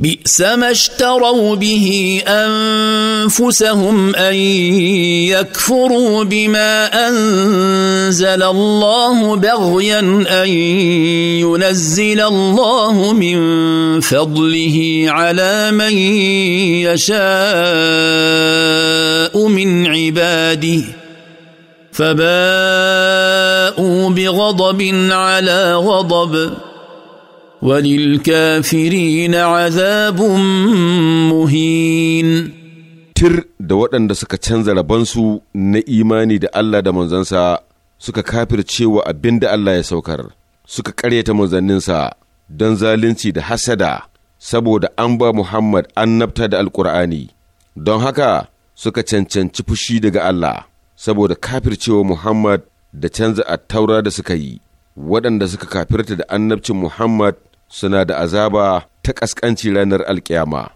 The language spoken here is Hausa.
بئس ما اشتروا به انفسهم ان يكفروا بما انزل الله بغيا ان ينزل الله من فضله على من يشاء من عباده فباءوا بغضب على غضب وللكافرين عذاب muhin. tir da waɗanda suka canza rabonsu na imani da Allah da manzansa suka kafircewa abin da Allah ya saukar suka ƙaryata manzanninsa don zalunci da hasada saboda an ba Muhammad annabta da alƙur'ani don haka suka cancanci fushi daga Allah saboda kafircewa Muhammad da canza taura da suka yi waɗanda suka kafirta da annabcin Muhammad suna da azaba ta ƙasƙanci ranar alkiyama.